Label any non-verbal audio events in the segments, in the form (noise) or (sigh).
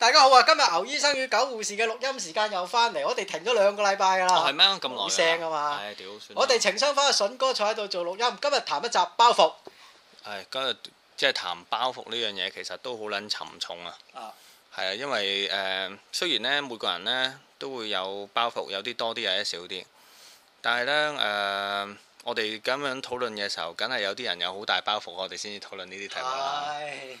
大家好啊！今日牛醫生與狗護士嘅錄音時間又翻嚟，我哋停咗兩個禮拜㗎啦。哦，係咩？咁耐冇聲啊嘛！唉，屌算。我哋情商翻阿筍哥坐喺度做錄音，今日談一集包袱。今日即係談包袱呢樣嘢，其實都好撚沉重啊。啊。係啊，因為誒、呃，雖然呢，每個人呢都會有包袱，有啲多啲，有啲少啲。但係呢，誒、呃，我哋咁樣討論嘅時候，梗係有啲人有好大包袱，我哋先至討論呢啲題目啦。哎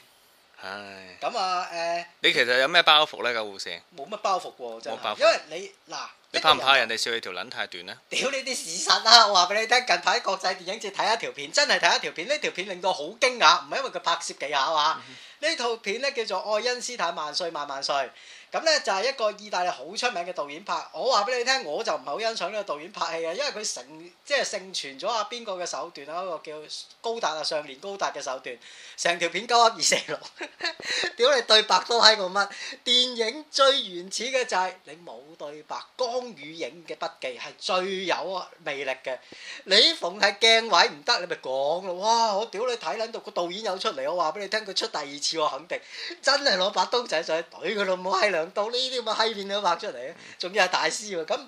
唉，咁啊，誒，你其實有咩包袱呢？那個護士冇乜包袱喎、啊，真係，冇包袱，因為你嗱，你怕唔怕人哋笑你條撚太短呢？屌你啲事實啊！我話俾你聽，近排國際電影節睇一條片，真係睇一條片，呢條片令到好驚訝，唔係因為佢拍攝技巧啊，呢套片咧叫做《愛因斯坦萬歲萬萬歲》。咁咧就係一個意大利好出名嘅導演拍，我話俾你聽，我就唔係好欣賞呢個導演拍戲嘅，因為佢成即係盛傳咗阿邊個嘅手段、啊、一個叫高達啊，上年高達嘅手段，成條片九噏二四六。屌 (laughs) 你對白都閪個乜？電影最原始嘅就係你冇對白，光與影嘅筆記係最有魅力嘅。你逢係鏡位唔得，你咪講咯。哇！我屌你睇撚到個導演有出嚟，我話俾你聽，佢出第二次我肯定真係攞把刀仔上去隊佢老母閪。到呢啲咁嘅戲片都拍出嚟咧，仲要係大師喎。咁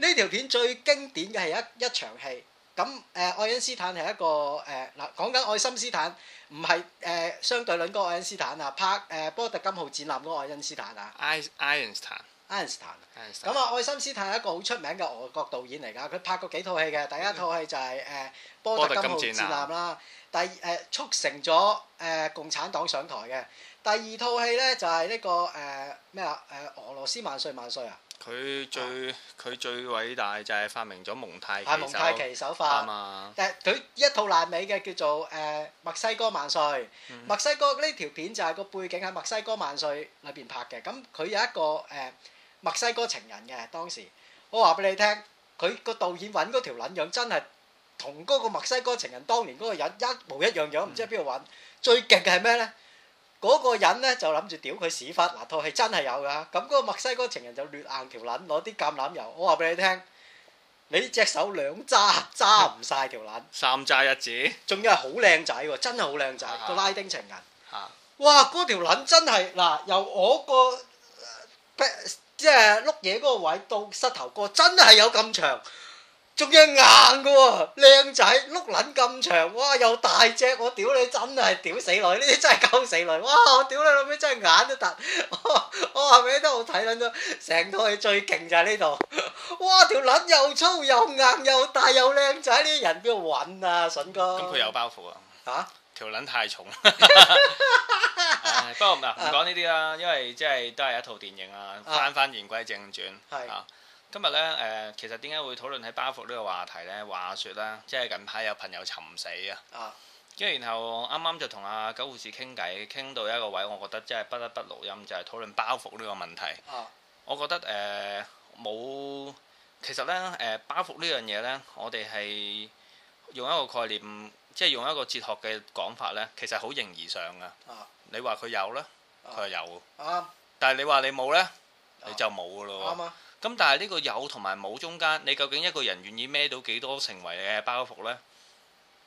呢條片最經典嘅係一一場戲。咁誒、呃、愛因斯坦係一個誒嗱、呃，講緊愛、呃、愛森斯坦，唔係誒相對論嗰個愛因斯坦啊，拍、呃、誒《波特金號》戰艦嗰個愛因斯坦啊。愛愛因斯坦。愛因斯坦。愛因斯坦。咁啊，愛森斯坦係一個好出名嘅俄國導演嚟噶，佢拍過幾套戲嘅。第一套戲就係、是、誒、呃《波特金號戰艦》艦艦啦，但係誒促成咗誒、呃、共產黨上台嘅。第二套戲咧就係呢個誒咩啊，誒俄羅斯萬歲，萬歲啊！佢最佢最偉大就係發明咗蒙太奇手法。係蒙太奇手法。但係佢一套爛尾嘅叫做誒墨西哥萬歲。墨西哥呢條片就係個背景喺墨西哥萬歲裏邊拍嘅。咁佢有一個誒墨西哥情人嘅，當時，我話俾你聽，佢個導演揾嗰條卵樣真係同嗰個墨西哥情人當年嗰個人一模一樣樣，唔知喺邊度揾。最勁嘅係咩咧？嗰個人咧就諗住屌佢屎忽，嗱套戲真係有㗎。咁嗰個墨西哥情人就掠硬條撚，攞啲橄欖油。我話俾你聽，你隻手兩揸揸唔晒條撚，條子三揸一指。仲要係好靚仔喎，真係好靚仔個拉丁情人。啊啊、哇！嗰條撚真係嗱、啊，由我個、呃、即係碌嘢嗰個位到膝頭哥，真係有咁長。仲要硬嘅喎、哦，靚仔，碌撚咁長，哇！又大隻，我屌你真係屌死女，呢啲真係勾死女，哇！我屌你老味真係眼都突，我話畀你都好睇撚咗，成套戲最勁就係呢度，哇！條撚又粗又硬又大又靚仔，呢啲人邊度揾啊，筍哥？咁佢、嗯、有包袱啊？嚇、啊？條撚太重、 (laughs) (laughs) 啊。不過嗱，唔講呢啲啦，因為即係都係一套電影啊，翻翻言歸正傳，嚇、啊。今日咧，誒、呃，其實點解會討論起包袱呢個話題呢？話説啦，即係近排有朋友尋死啊，跟住然後啱啱就同阿、啊、九護士傾偈，傾到一個位，我覺得即係不得不錄音，就係、是、討論包袱呢個問題。啊、我覺得誒冇、呃，其實呢，誒、呃、包袱呢樣嘢呢，我哋係用一個概念，即係用一個哲學嘅講法呢，其實好形而上噶。啊、你話佢有，有、啊、有呢？佢有、啊，但係你話你冇呢？你就冇噶咯喎。啊咁但係呢個有同埋冇中間，你究竟一個人願意孭到幾多成為嘅包袱呢？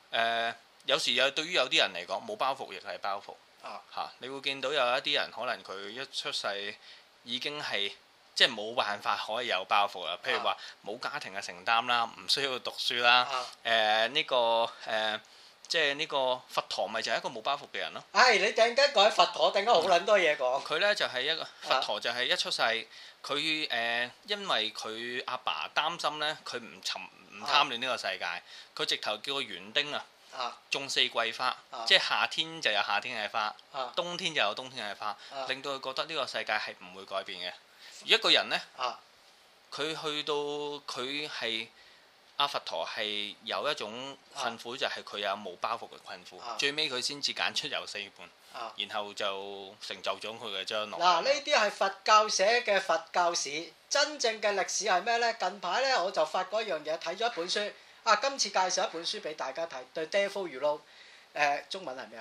誒、呃，有時有對於有啲人嚟講，冇包袱亦係包袱。包袱啊，嚇、啊！你會見到有一啲人可能佢一出世已經係即係冇辦法可以有包袱啦。譬如話冇家庭嘅承擔啦，唔需要讀書啦。誒、呃、呢、這個誒即係呢個佛陀咪就係一個冇包袱嘅人咯。係、哎、你突然間講佛陀，突然間好撚多嘢講。佢、啊、呢就係、是、一個佛陀，就係一出世。佢誒、呃，因為佢阿爸、爸擔心呢，佢唔沉唔貪戀呢個世界，佢直頭叫個園丁啊，丁啊種四季花，啊、即係夏天就有夏天嘅花，啊、冬天就有冬天嘅花，啊、令到佢覺得呢個世界係唔會改變嘅。而一個人呢，佢、啊、去到佢係。阿佛陀係有一種困苦，就係、是、佢有無包袱嘅困苦，啊、最尾佢先至揀出遊四半，啊、然後就成就咗佢嘅將來。嗱、啊，呢啲係佛教寫嘅佛教史，真正嘅歷史係咩呢？近排呢，我就發過一樣嘢，睇咗一本書。啊，今次介紹一本書俾大家睇，對《The Devil You Know》，誒，中文係咩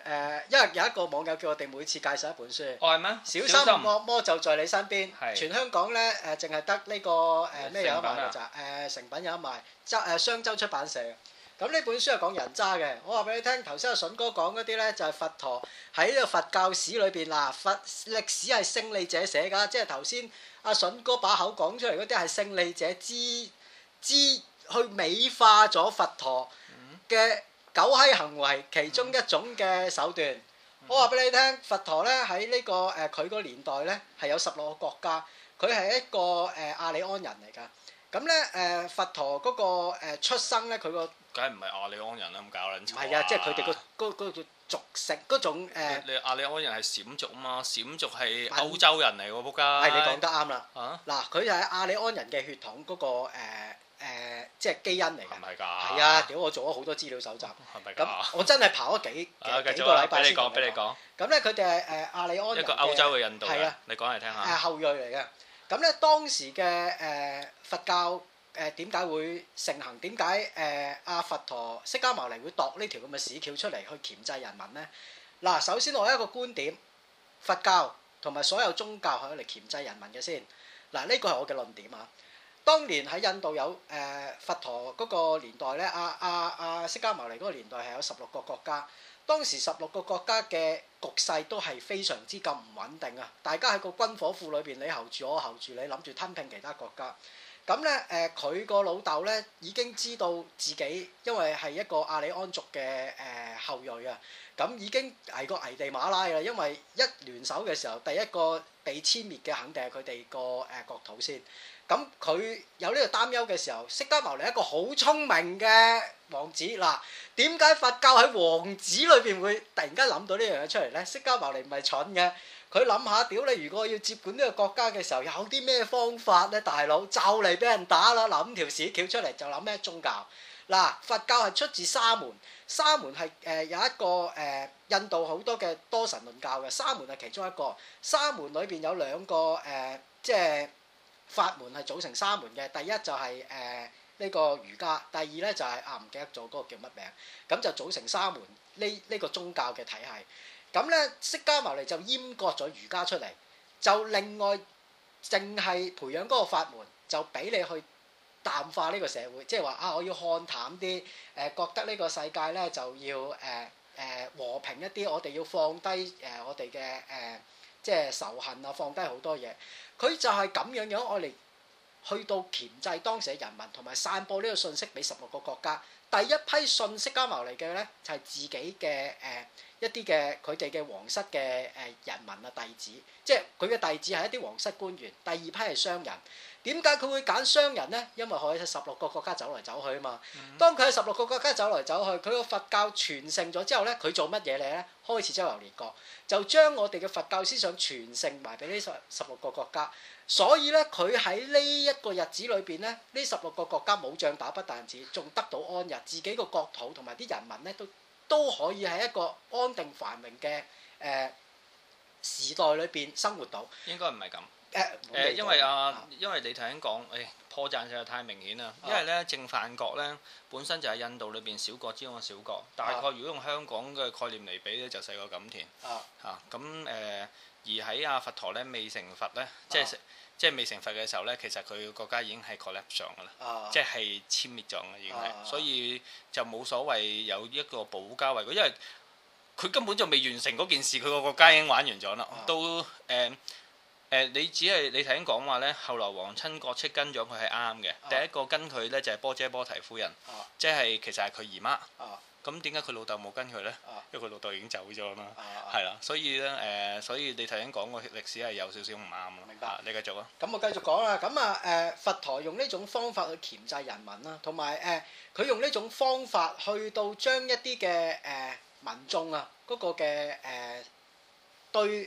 誒，因為、呃、有一個網友叫我哋每次介紹一本書，小心惡魔就在你身邊。是全香港咧誒，淨係得呢個誒咩有賣就係誒成品有得賣，周誒商周出版社。咁、嗯、呢本書係講人渣嘅，我話俾你聽，頭先阿筍哥講嗰啲咧就係、是、佛陀喺呢個佛教史裏邊嗱佛歷史係勝利者寫㗎，即係頭先阿筍哥把口講出嚟嗰啲係勝利者之之去美化咗佛陀嘅。嗯狗閪行為其中一種嘅手段，我話俾你聽，佛陀咧喺呢個誒佢個年代咧係有十六個國家，佢係一個誒亞利安人嚟㗎。咁咧誒佛陀嗰個誒出生咧佢個，梗係唔係亞利安人啦？咁搞卵！唔係啊，即係佢哋個個個族籍嗰種誒。你亞利安人係閃族啊嘛，閃族係歐洲人嚟喎，仆街。係你講得啱啦。嚇！嗱，佢就係亞利安人嘅血統嗰個誒。誒，即係基因嚟嘅的，係啊！屌，我做咗好多資料搜集，咁的、嗯、我真係跑咗幾行幾個禮拜先。俾你講，俾你講。咁咧，佢哋誒亞利安人一個歐洲嘅印度嘅，的你講嚟聽下。誒後裔嚟嘅。咁、嗯、咧，當時嘅誒、呃、佛教誒點解會盛行？點解誒阿佛陀釋迦牟尼會度呢條咁嘅屎橋出嚟去鉗制人民咧？嗱，首先我有一個觀點，佛教同埋所有宗教喺度嚟鉗制人民嘅先。嗱，呢個係我嘅論點啊。當年喺印度有誒、呃、佛陀嗰個年代咧，阿阿阿釋迦牟尼嗰個年代係有十六個國家。當時十六個國家嘅局勢都係非常之咁唔穩定啊！大家喺個軍火庫裏邊，你候住我，候住你，諗住吞併其他國家。咁咧誒，佢、呃、個老豆咧已經知道自己因為係一個阿里安族嘅誒、呃、後裔啊，咁已經係個危地馬拉啦，因為一聯手嘅時候，第一個被殲滅嘅肯定係佢哋個誒國土先。咁佢有呢個擔憂嘅時候，釋迦牟尼一個好聰明嘅王子嗱，點解佛教喺王子裏邊會突然間諗到呢樣嘢出嚟呢？釋迦牟尼唔係蠢嘅，佢諗下，屌你！如果要接管呢個國家嘅時候，有啲咩方法呢？大佬就嚟俾人打啦！諗條屎橋出嚟就諗咩宗教？嗱，佛教係出自沙門，沙門係誒有一個誒印度好多嘅多神論教嘅，沙門係其中一個。沙門裏邊有兩個誒，即係。法門係組成沙門嘅，第一就係誒呢個瑜伽，第二咧就係、是、啊唔記得咗嗰個叫乜名，咁就組成沙門呢呢、這個宗教嘅體系。咁咧釋迦牟尼就閹割咗瑜伽出嚟，就另外淨係培養嗰個法門，就俾你去淡化呢個社會，即係話啊我要看淡啲，誒、呃、覺得呢個世界咧就要誒誒、呃呃、和平一啲，我哋要放低誒我哋嘅誒即係仇恨啊，放低好多嘢。佢就係咁樣樣我嚟去到鉛製當時嘅人民，同埋散佈呢個信息俾十六個國家。第一批信息加埋嚟嘅咧，就係、是、自己嘅誒、呃、一啲嘅佢哋嘅皇室嘅誒人民啊弟子，即係佢嘅弟子係一啲皇室官員。第二批係商人。點解佢會揀商人呢？因為佢喺十六個國家走嚟走去啊嘛。嗯、當佢喺十六個國家走嚟走去，佢個佛教傳承咗之後呢，佢做乜嘢呢？開始周遊列國，就將我哋嘅佛教思想傳承埋俾呢十六個國家。所以呢，佢喺呢一個日子裏邊呢，呢十六個國家冇仗打，不但止，仲得到安逸，自己個國土同埋啲人民呢，都都可以喺一個安定繁榮嘅誒時代裏邊生活到。應該唔係咁。誒、呃、因為啊，啊因為你頭先講，誒、哎、破綻實在太明顯啦。因為咧，淨飯國咧，本身就係印度裏邊小國之中嘅小國。大概如果用香港嘅概念嚟比咧，就細過錦田。啊咁誒、啊，而喺阿佛陀咧未成佛咧，即係、啊、即係未成佛嘅時候咧，其實佢國家已經係 collapse 上嘅啦。啊，即係殲滅咗嘅已經係，所以就冇所謂有一個保家衞國，因為佢根本就未完成嗰件事，佢個國家已經玩完咗啦。到誒。嗯嗯誒、呃、你只係你頭先講話咧，後來皇親國戚跟咗佢係啱嘅。啊、第一個跟佢咧就係、是、波闍波提夫人，啊、即係其實係佢姨媽。咁點解佢老豆冇跟佢咧？啊、因為佢老豆已經走咗啦嘛。係啦、啊啊，所以咧誒、呃，所以你頭先講個歷史係有少少唔啱。明白、啊。你繼續啊。咁我繼續講啦。咁啊誒，佛陀用呢種方法去鉗制人民啦，同埋誒，佢、呃呃、用呢種方法去到將一啲嘅誒民眾啊嗰、那個嘅誒對。呃呃呃呃呃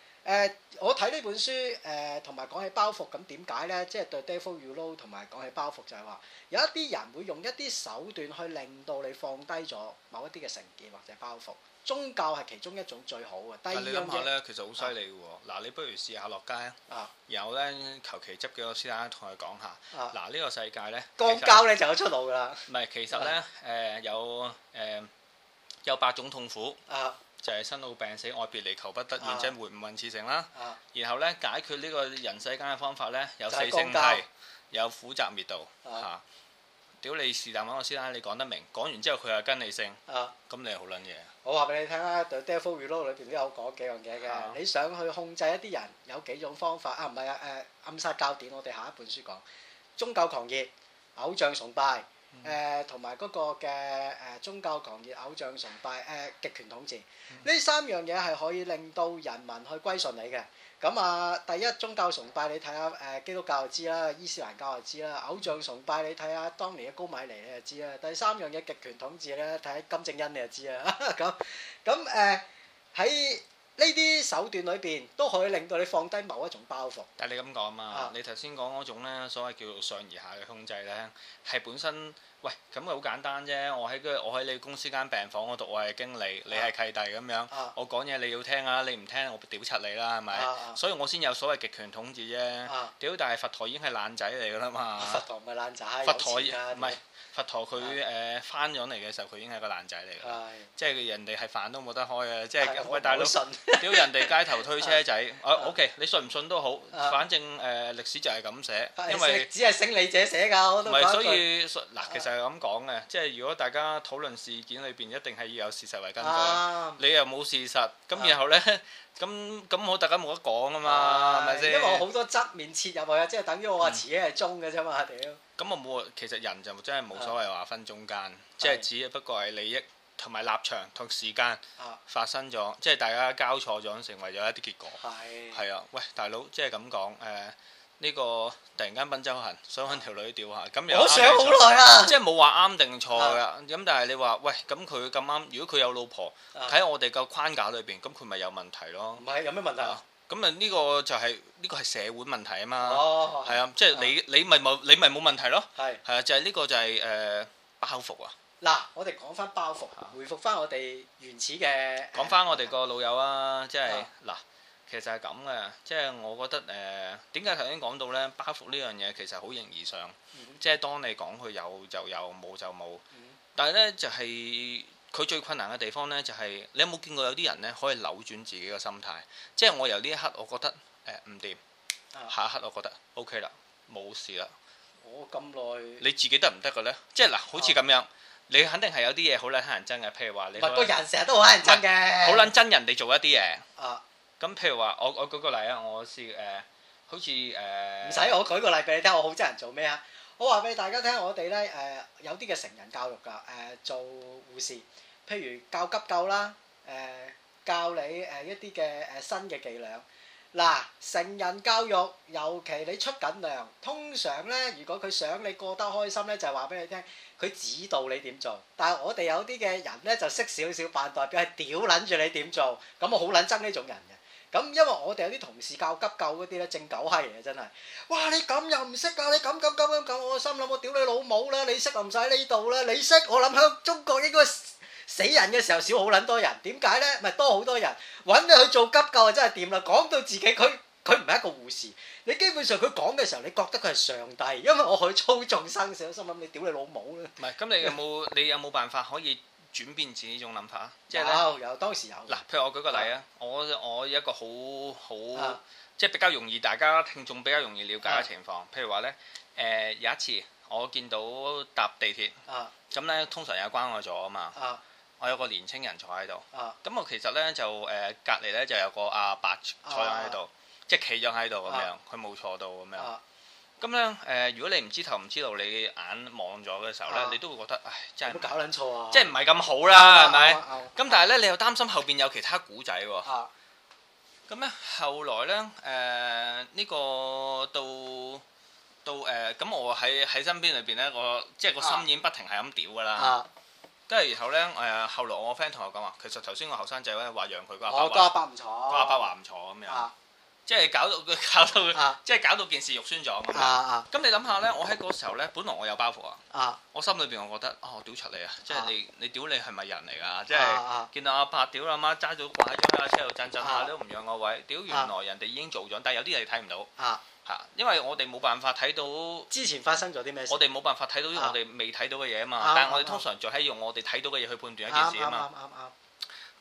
誒、呃，我睇呢本書，誒、呃，同埋講起包袱咁點解咧？即係對 Devil You Know，同埋講起包袱就係話，有一啲人會用一啲手段去令到你放低咗某一啲嘅成見或者包袱。宗教係其中一種最好嘅。低音但係你諗下咧，其實好犀利嘅喎。嗱，你不如試下落街啊，啊啊然後咧，求其執幾個師奶同佢講下。嗱、啊，呢、啊啊這個世界咧，膠膠咧就有出路㗎啦。唔係，其實咧，誒有誒。呃呃呃呃呃呃呃有八種痛苦，就係、是、生老病死、愛別離、求不得、怨憎會、五陰熾盛啦。然後咧解決呢個人世間嘅方法咧，有四聖諦，有苦集滅道嚇。屌、啊、你是但揾我先啦，你講得明，講完之後佢又跟、啊啊、你姓，咁你係好撚嘢。我話俾你聽啦，《The Four Realities》裏邊都有講幾樣嘢嘅。啊、你想去控制一啲人，有幾種方法啊？唔係啊誒，暗殺教典我哋下一本書講，宗教狂熱、偶像崇拜。誒同埋嗰個嘅誒宗教狂熱、偶像崇拜、誒、呃、極權統治，呢、嗯、三樣嘢係可以令到人民去歸順你嘅。咁啊，第一宗教崇拜你睇下誒基督教就知啦，伊斯蘭教就知啦。偶像崇拜你睇下當年嘅高米尼你就知啦。第三樣嘢極權統治咧，睇下金正恩你就知啦。咁咁誒喺。呢啲手段裏邊都可以令到你放低某一種包袱。但係你咁講啊，你頭先講嗰種呢所謂叫做上而下嘅控制呢，係本身喂，咁係好簡單啫。我喺個我喺你公司間病房嗰度，我係經理，啊、你係契弟咁樣，啊、我講嘢你要聽啊，你唔聽我屌柒你啦，係咪？所以我先有所謂極權統治啫。屌、啊！但係佛陀已經係爛仔嚟㗎啦嘛。佛陀唔係爛仔。佛陀佢誒翻咗嚟嘅時候，佢已經係個爛仔嚟嘅，即係人哋係飯都冇得開嘅，即係喂大佬屌人哋街頭推車仔，哦 OK，你信唔信都好，反正誒歷史就係咁寫，因為只係勝利者寫㗎，我都唔係所以嗱，其實係咁講嘅，即係如果大家討論事件裏邊，一定係要有事實為根據，你又冇事實，咁然後呢？咁咁我大家冇得講啊嘛，係咪先？因為我好多側面切入去啊，即係等於我話自己係中嘅啫嘛，屌、嗯！咁我冇，其實人就真係冇所謂話是的 分中間，即係只是的 不過係利益同埋立場同時間發生咗，即係是的 大家交錯咗，成為咗一啲結果。係啊是的，喂，大佬，即係咁講誒。呃呢、這個突然間賓周痕，想揾條女屌下，咁又我想。我好耐即係冇話啱定錯㗎。咁、嗯、但係你話喂，咁佢咁啱，如果佢有老婆喺、嗯、我哋個框架裏邊，咁佢咪有問題咯？唔係有咩問題？咁啊呢個就係、是、呢、這個係社會問題啊嘛哦。哦，係啊，即係你、哦、你咪冇你咪冇問題咯。係係啊，就係呢個就係、是、誒、呃、包袱啊。嗱，我哋講翻包袱，回覆翻我哋原始、哎就是、嘅。講翻我哋個老友啊，即係嗱。其實係咁嘅，即係我覺得誒點解頭先講到咧包袱呢樣嘢其實好形而上，即係當你講佢有就有，冇就冇。但係咧就係佢最困難嘅地方咧，就係你有冇見過有啲人咧可以扭轉自己嘅心態？即係我由呢一刻我覺得誒唔掂，下一刻我覺得 OK 啦，冇事啦。我咁耐你自己得唔得嘅咧？即係嗱，好似咁樣，你肯定係有啲嘢好撚乞人憎嘅，譬如話你。咪個人成日都好乞人憎嘅，好撚憎人哋做一啲嘢。啊！咁譬如話，我我舉個例啊，我試誒、呃、好似誒，唔、呃、使我舉個例俾你聽，我好憎人做咩啊？我話俾大家聽，我哋咧誒有啲嘅成人教育㗎誒、呃，做護士，譬如教急救啦，誒、呃、教你誒一啲嘅誒新嘅伎量伎倆。嗱，成人教育尤其你出緊糧，通常咧，如果佢想你過得開心咧，就係話俾你聽，佢指導你點做。但係我哋有啲嘅人咧就識少少扮代表係屌撚住你點做，咁我好撚憎呢種人嘅。咁因為我哋有啲同事教急救嗰啲咧，正狗閪嚟嘅真係。哇！你咁又唔識㗎？你咁咁咁咁咁，我心諗我屌你老母啦！你識唔使呢度啦？你識？我諗喺中國應該死人嘅時候少好撚多人，點解咧？咪多好多人揾你去做急救啊！真係掂啦。講到自己佢佢唔係一個護士，你基本上佢講嘅時候，你覺得佢係上帝，因為我可以操縱生死。心諗你屌你老母啦！唔係，咁你有冇 (laughs) 你有冇辦法可以？轉變自己種諗法，即係咧，有有當時有嗱，譬如我舉個例啊，我我有一個好好即係比較容易大家聽眾比較容易了解嘅情況，譬如話咧誒，有一次我見到搭地鐵咁咧，通常有關愛座啊嘛，我有個年青人坐喺度咁，我其實咧就誒，隔離咧就有個阿伯坐咗喺度，即係企咗喺度咁樣，佢冇坐到咁樣。咁咧，誒、呃，如果你唔知頭唔知道，你眼望咗嘅時候咧，啊、你都會覺得，唉，真係，冇搞撚錯啊！即係唔係咁好啦，係咪、啊？咁、啊啊啊啊啊、但係咧，啊啊你又擔心後邊有其他古仔喎。啊！咁咧，後來咧，誒、呃，呢、這個到到誒，咁、呃、我喺喺身邊裏邊咧，即我即係個心已經不停係咁屌㗎啦。跟住、啊啊啊啊啊、然後咧，誒，後來我個 friend 同我講話，其實頭先個後生仔咧話讓佢話，好，阿伯唔坐，阿伯話唔坐。咁樣。即係搞到，搞到，即係搞到件事肉酸咗。咁你諗下呢，我喺嗰時候呢，本來我有包袱啊。我心裏邊我覺得，哦，屌出嚟啊！即係你，你屌你係咪人嚟㗎？即係見到阿伯屌阿媽揸咗喺架車度震震下都唔讓我位，屌原來人哋已經做咗，但係有啲人睇唔到。嚇，因為我哋冇辦法睇到之前發生咗啲咩事。我哋冇辦法睇到我哋未睇到嘅嘢啊嘛，但係我哋通常仲係用我哋睇到嘅嘢去判斷一件事啊嘛。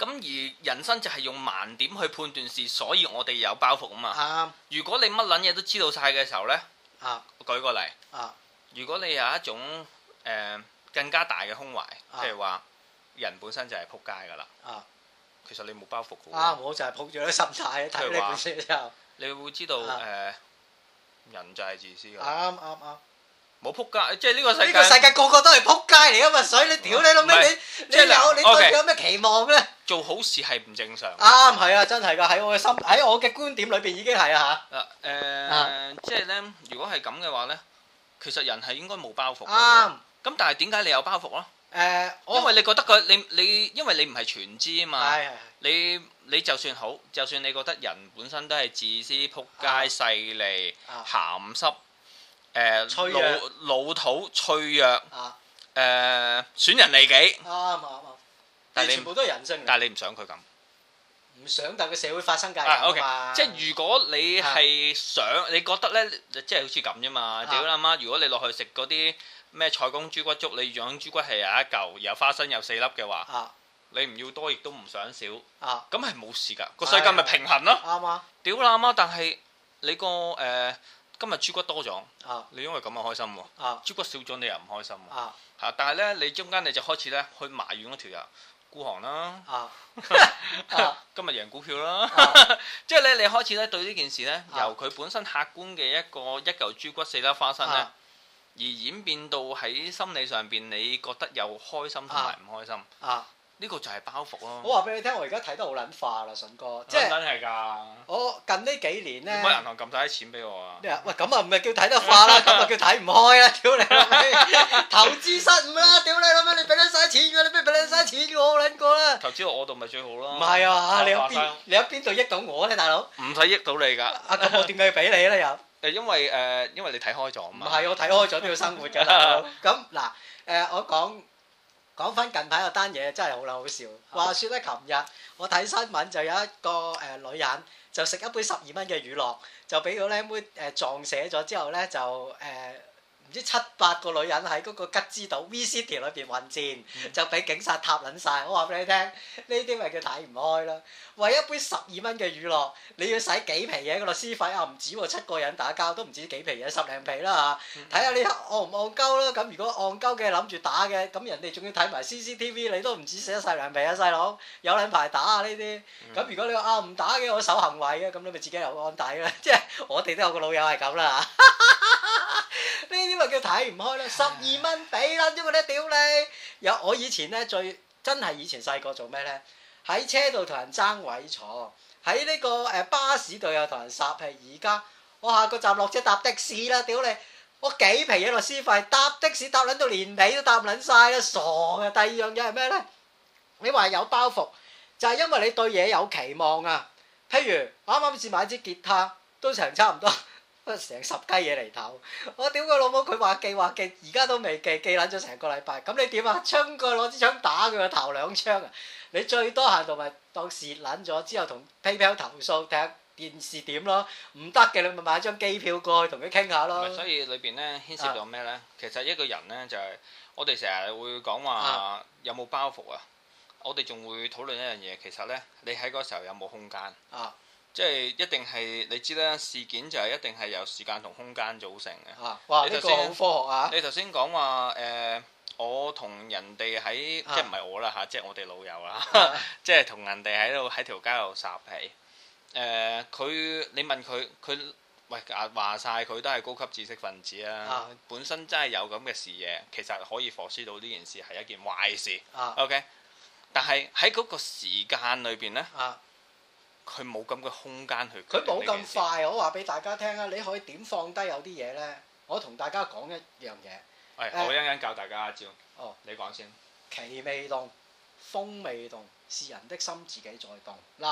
咁而人生就係用盲點去判斷事，所以我哋有包袱啊嘛。如果你乜撚嘢都知道晒嘅時候呢，咧，我舉個例，如果你有一種誒更加大嘅胸懷，即係話人本身就係撲街噶啦，其實你冇包袱嘅。啊，我就係抱著呢心態睇呢本書之後，你會知道誒人就係自私嘅。啱啱啱。冇仆街，即係呢個世界。呢個世界個個都係仆街嚟噶嘛？所以你屌你老尾，你你有你對佢有咩期望咧？做好事係唔正常。啱，係啊，真係噶，喺我嘅心，喺我嘅觀點裏邊已經係啊嚇。嗱誒，即係咧，如果係咁嘅話咧，其實人係應該冇包袱。啱。咁但係點解你有包袱咯？誒，因為你覺得佢你你，因為你唔係全知啊嘛。係係係。你你就算好，就算你覺得人本身都係自私、仆街、勢利、鹹濕。誒老老土脆弱，誒損人利己，啱啊啱啊！啲全部都係人性。但係你唔想佢咁，唔想但個社會發生嘅事啊嘛。即係如果你係想，你覺得咧，即係好似咁啫嘛。屌啦媽，如果你落去食嗰啲咩菜公豬骨粥，你養豬骨係有一嚿，有花生有四粒嘅話，你唔要多亦都唔想少，咁係冇事噶。個世界咪平衡咯。啱啊。屌啦媽，但係你個誒。今日豬骨多咗，你因為咁啊開心喎，豬骨少咗你又唔開心喎。係但係咧你中間你就開始咧去埋怨嗰條友孤寒啦，今日贏股票啦，即係咧你開始咧對呢件事咧由佢本身客觀嘅一個一嚿豬骨四粒花生咧，而演變到喺心理上邊你覺得又開心同埋唔開心。呢個就係包袱咯！我話俾你聽，我而家睇得好撚化啦，順哥，即係真係㗎！我近呢幾年咧，乜銀行咁曬啲錢俾我啊？咩啊？喂，咁啊，唔係叫睇得化啦，咁咪叫睇唔開啦！屌你老味，投資失誤啦！屌你老味，你俾得曬錢㗎，你咩俾得曬錢㗎？我撚過啦！投資我度咪最好咯！唔係啊，你有邊你有邊度益到我咧，大佬？唔使益到你㗎，阿哥我點解要俾你咧？又誒，因為誒，因為你睇開咗嘛？唔係我睇開咗都要生活㗎啦。咁嗱誒，我講。講翻近排有單嘢真係好撚好笑，的話說咧，琴日我睇新聞就有一個誒、呃、女人就食一杯十二蚊嘅乳酪，就俾個靚妹誒撞死咗之後咧就誒。呃唔知七八個女人喺嗰個吉之島 VCity 裏邊混戰，就俾警察塌撚晒。我話俾你聽，呢啲咪叫睇唔開咯。為一杯十二蚊嘅娛樂，你要使幾皮嘢嘅咯？律師費啊，唔止喎，七個人打交都唔止幾皮嘢，十零皮啦嚇。睇下你戇唔戇鳩啦。咁如果戇鳩嘅諗住打嘅，咁人哋仲要睇埋 CCTV，你都唔止使晒兩皮啊，細佬。有兩排打啊呢啲。咁如果你話啊唔打嘅，我守行為嘅，咁你咪自己留個案底啦。即係我哋都有個老友係咁啦。哈哈呢啲咪叫睇唔開咯，十二蚊俾撚因佢咧，屌你！有我以前咧最真係以前細個做咩咧？喺車度同人爭位坐，喺呢個誒巴士度又同人霎氣，係而家我下個站落車搭的，的士啦，屌你！我幾皮嘢落司費，搭的士搭撚到連尾都搭撚晒啦，傻嘅！第二樣嘢係咩咧？你話有包袱，就係、是、因為你對嘢有期望啊。譬如啱啱先買支吉他，都成差唔多。成十雞嘢嚟投，我屌佢老母！佢話寄話寄，而家都未寄，寄撚咗成個禮拜。咁你點啊？槍佢攞支槍打佢個頭兩槍啊！你最多限度咪當時撚咗，之後同 PayPal 投訴，睇下電視點咯。唔得嘅，你咪買張機票過去同佢傾下咯。所以裏邊咧牽涉到咩咧？啊、其實一個人咧就係、是、我哋成日會講話、啊啊、有冇包袱啊。我哋仲會討論一樣嘢，其實咧你喺嗰時候有冇空間啊？即係一定係你知啦，事件就係一定係由時間同空間組成嘅、啊。哇！呢個好科學啊！你頭先講話誒，我同人哋喺即係唔係我啦嚇，即係我哋老友啦，啊、 (laughs) 即係同人哋喺度喺條街度撒皮。誒、呃，佢你問佢，佢喂啊話晒，佢都係高級知識分子啦。啊、本身真係有咁嘅視野。其實可以 foresee 到呢件事係一件壞事。O K，啊、但係喺嗰個時間裏邊咧。啊佢冇咁嘅空間去。佢冇咁快，我話俾大家聽啊！你可以點放低有啲嘢呢？我同大家講一樣嘢。係，我一陣教大家啊，趙、呃。哦。你講先。奇味動，風味動，是人的心自己在動。嗱，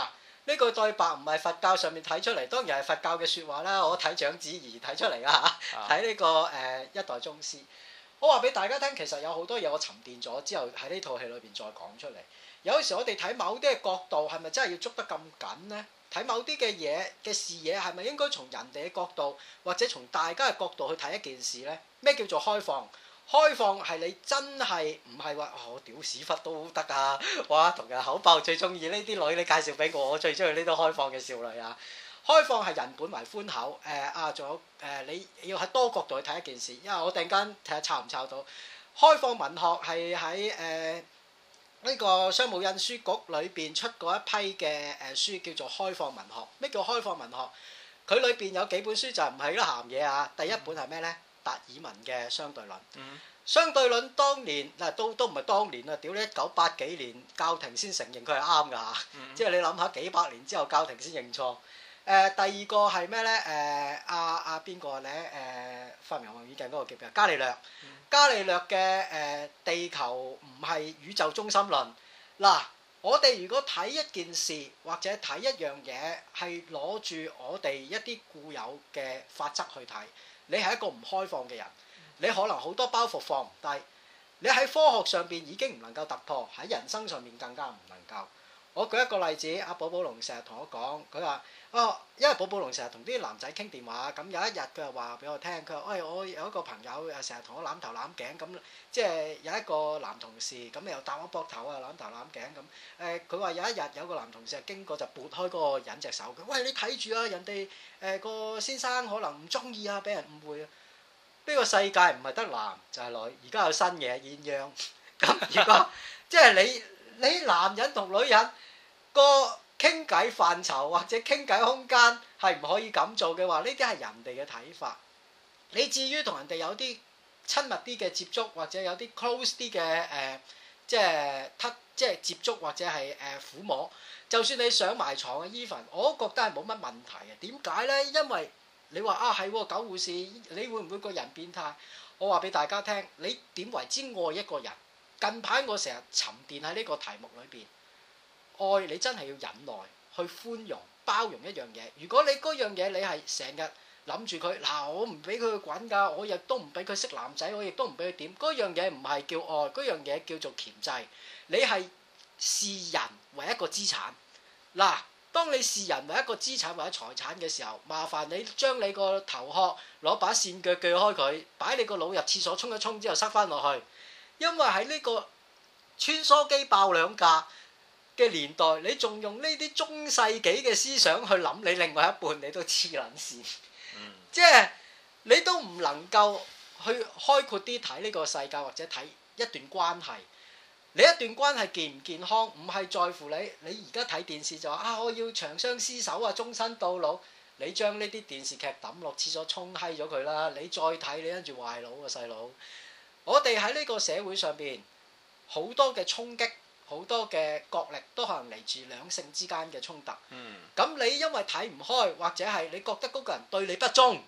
呢句對白唔係佛教上面睇出嚟，當然係佛教嘅説話啦。我睇張子怡睇出嚟噶睇呢個誒、呃、一代宗師。我話俾大家聽，其實有好多嘢我沉澱咗之後，喺呢套戲裏邊再講出嚟。有時我哋睇某啲嘅角度係咪真係要捉得咁緊呢？睇某啲嘅嘢嘅視野係咪應該從人哋嘅角度，或者從大家嘅角度去睇一件事呢？咩叫做開放？開放係你真係唔係話我屌屎忽都得啊？哇！同人口爆最中意呢啲女，你介紹俾我，我最中意呢度開放嘅少女啊！開放係人本為寬厚，誒、呃、啊！仲有誒、呃，你要喺多角度去睇一件事，因為我突然間睇下查唔查到。開放文學係喺誒。呃呢個商務印書局裏邊出過一批嘅誒書，叫做《開放文學》。咩叫《開放文學》？佢裏邊有幾本書就唔係一鹹嘢啊！第一本係咩呢？達爾文嘅相對論。嗯、相對論當年嗱、啊、都都唔係當年，年啊！屌、嗯，你一九八幾年教廷先承認佢係啱㗎嚇。即係你諗下，幾百年之後教廷先認錯。誒、呃、第二個係咩咧？誒阿阿邊個咧？誒、呃、發明望遠鏡嗰個叫咩？伽利略，伽利略嘅誒、呃、地球唔係宇宙中心論。嗱，我哋如果睇一件事或者睇一樣嘢，係攞住我哋一啲固有嘅法則去睇，你係一個唔開放嘅人，你可能好多包袱放唔低，你喺科學上邊已經唔能夠突破，喺人生上面更加唔能夠。我舉一個例子，阿寶寶龍成日同我講，佢話哦，因為寶寶龍成日同啲男仔傾電話，咁有一日佢又話俾我聽，佢話，喂，我有一個朋友又成日同我攬頭攬頸，咁即係有一個男同事，咁又搭我膊頭啊，又攬頭攬頸咁。誒，佢話有一日有個男同事經過就撥開嗰個人隻手，佢，喂，你睇住啊，人哋誒個先生可能唔中意啊，俾人誤會啊。呢個世界唔係得男就係女，而家有新嘢現象。咁如果即係你你男人同女人。個傾偈範疇或者傾偈空間係唔可以咁做嘅話，呢啲係人哋嘅睇法。你至於同人哋有啲親密啲嘅接觸，或者有啲 close 啲嘅誒，即係即係接觸或者係誒撫摸。就算你上埋床啊，Even 我都覺得係冇乜問題嘅。點解呢？因為你話啊係喎，狗護士你會唔會個人變態？我話俾大家聽，你點為之愛一個人？近排我成日沉澱喺呢個題目裏邊。愛你真係要忍耐，去寬容、包容一樣嘢。如果你嗰樣嘢你係成日諗住佢，嗱我唔俾佢去滾㗎，我亦都唔俾佢識男仔，我亦都唔俾佢點。嗰樣嘢唔係叫愛，嗰樣嘢叫做鉗制。你係視人為一個資產。嗱，當你視人為一個資產或者財產嘅時候，麻煩你將你個頭殼攞把線腳鋸開佢，擺你個腦入廁所沖一沖之後塞翻落去。因為喺呢個穿梭機爆兩架。嘅年代，你仲用呢啲中世紀嘅思想去諗你另外一半，你都黐捻線。嗯、即係你都唔能夠去開闊啲睇呢個世界，或者睇一段關係。你一段關係健唔健康，唔係在乎你。你而家睇電視就話啊，我要長相厮守啊，終身到老。你將呢啲電視劇抌落廁所沖閪咗佢啦。你再睇你跟住壞腦啊細佬，我哋喺呢個社會上邊，好多嘅衝擊。好多嘅角力都可能嚟自兩性之間嘅衝突。咁、嗯、你因為睇唔開，或者係你覺得嗰個人對你不忠，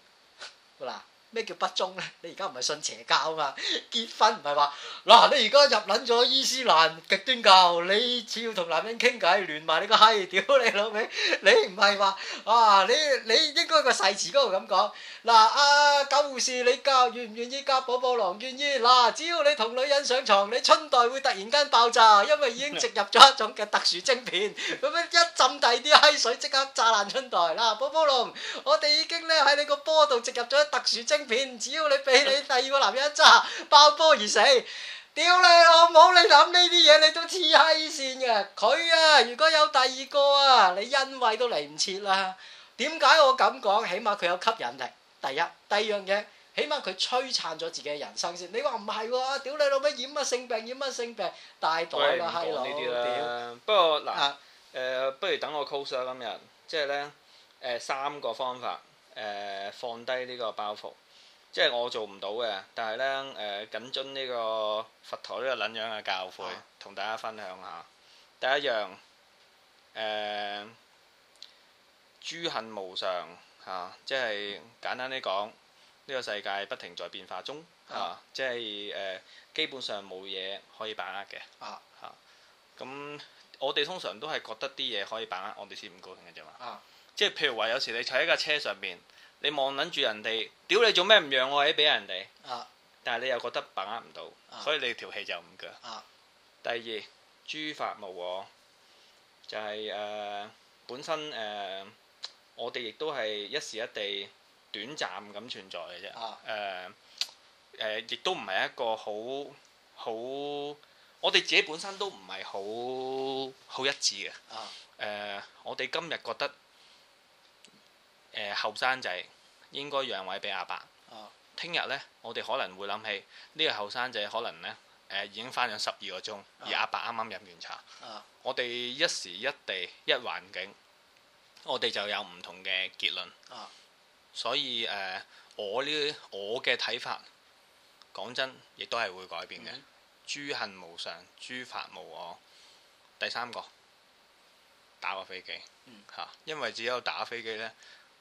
(laughs) 咩叫不忠呢？你而家唔係信邪教啊嘛？結婚唔係話嗱，你而家入撚咗伊斯蘭極端教，你只要同男人傾偈，亂埋你個閪，屌你老味！你唔係話啊？你你應該個誓詞度咁講嗱，阿九護士，你教願唔願意？家寶寶龍願意嗱，只要你同女人上床，你春袋會突然間爆炸，因為已經植入咗一種嘅特殊晶片，咁樣一浸大啲閪水，即刻炸爛春袋。嗱、啊，寶寶龍，我哋已經咧喺你個波度植入咗特殊晶片。只要你俾你第二個男人揸爆波而死，屌你老母！你諗呢啲嘢，你都黐閪線嘅。佢啊，如果有第二個啊，你欣慰都嚟唔切啦。點解我咁講？起碼佢有吸引力。第一，第二樣嘢，起碼佢摧殘咗自己嘅人生先。你話唔係喎？屌你老母！染乜性病？染乜性病？大袋啦，閪佬。不，的不過嗱誒、啊呃，不如等我 close 今日即係呢，誒、呃，三個方法誒、呃，放低呢個包袱。即係我做唔到嘅，但係呢，誒、呃，謹遵呢個佛陀呢個撚樣嘅教誨，同、啊、大家分享下。第一樣誒、呃，諸恨無常嚇、啊，即係簡單啲講，呢、這個世界不停在變化中嚇、啊啊，即係誒、呃，基本上冇嘢可以把握嘅嚇。咁、啊啊、我哋通常都係覺得啲嘢可以把握，我哋先唔高興嘅啫嘛。啊啊、即係譬如話，有時你坐喺架車上面。你望撚住人哋，屌你做咩唔讓位俾人哋？啊、但係你又覺得把握唔到，啊、所以你條氣就唔夠。啊、第二，諸法無我，就係、是、誒、呃、本身誒、呃，我哋亦都係一時一地、短暫咁存在嘅啫。啊！誒亦都唔係一個好好，我哋自己本身都唔係好好一致嘅。啊！呃、我哋今日覺得。誒後生仔應該讓位俾阿伯。聽日、啊、呢，我哋可能會諗起呢、這個後生仔可能呢誒、呃、已經返咗十二個鐘，啊、而阿伯啱啱飲完茶。啊、我哋一時一地一環境，我哋就有唔同嘅結論。啊、所以誒、呃，我呢我嘅睇法講真，亦都係會改變嘅。嗯、諸恨無常，諸法無我。第三個，打個飛機嚇、嗯啊，因為只有打飛機呢。呢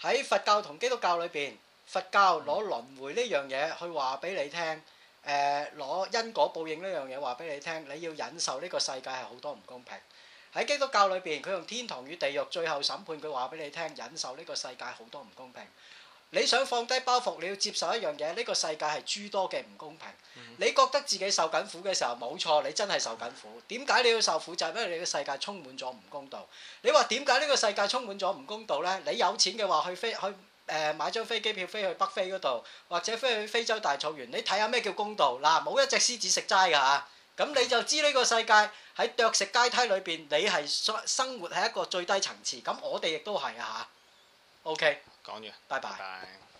喺佛教同基督教裏邊，佛教攞輪迴呢樣嘢去話俾你聽，誒、呃，攞因果報應呢樣嘢話俾你聽，你要忍受呢個世界係好多唔公平。喺基督教裏邊，佢用天堂與地獄、最後審判，佢話俾你聽，忍受呢個世界好多唔公平。你想放低包袱，你要接受一樣嘢，呢、這個世界係諸多嘅唔公平。嗯、你覺得自己受緊苦嘅時候，冇錯，你真係受緊苦。點解、嗯、你要受苦？就係因為你嘅世界充滿咗唔公道。你話點解呢個世界充滿咗唔公道呢？你有錢嘅話，去飛去誒、呃、買張飛機票飛去北非嗰度，或者飛去非洲大草原，你睇下咩叫公道？嗱、呃，冇一隻獅子食齋㗎嚇。咁、啊嗯嗯、你就知呢個世界喺啄食階梯裏邊，你係生活喺一個最低層次。咁我哋亦都係啊嚇。OK。講完，拜拜。